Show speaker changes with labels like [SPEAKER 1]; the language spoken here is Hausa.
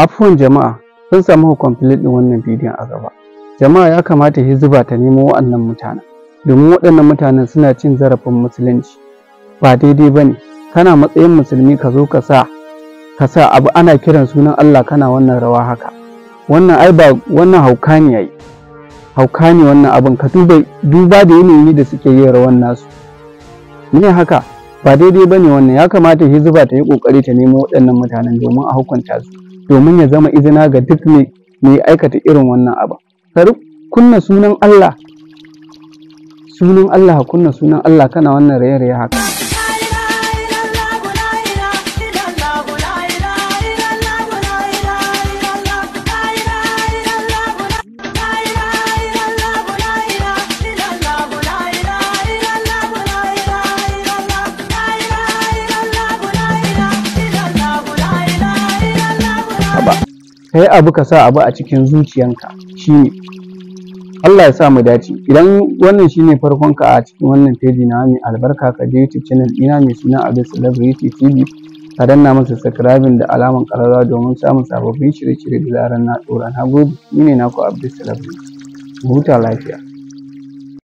[SPEAKER 1] Afuwan jama'a sun samu complete ɗin wannan bidiyon a gaba. Jama'a ya kamata zuba ta nemo waɗannan mutanen domin waɗannan mutanen suna cin zarafin musulunci. Ba daidai ba ne kana matsayin musulmi ka zo ka sa ka sa abu ana kiran sunan Allah kana wannan rawa haka. Wannan ai ba wannan hauka ne yayi. Hauka ne wannan abin ka duba duba da yanayi da suke yin rawan nasu. Ne haka ba daidai ba ne wannan ya kamata zuba ta yi kokari ta nemo waɗannan mutanen domin a hukunta su. domin ya zama izina ga duk mai aikata irin wannan abu ka kunna sunan Allah sunan Allah kunna sunan Allah kana wannan raye-raye haka kai abu ka sa abu a cikin zuciyanka shi ne. Allah ya sa mu dace idan wannan shine farkon ka a cikin wannan feji na mai albarka ka je YouTube channel ina mai suna Abdul Celebrity TV ka danna masa subscribing da alaman kararrawa domin samun sababbin shirye-shirye da zaran na dora na gobe ni ne naku Abdul Celebrity huta lafiya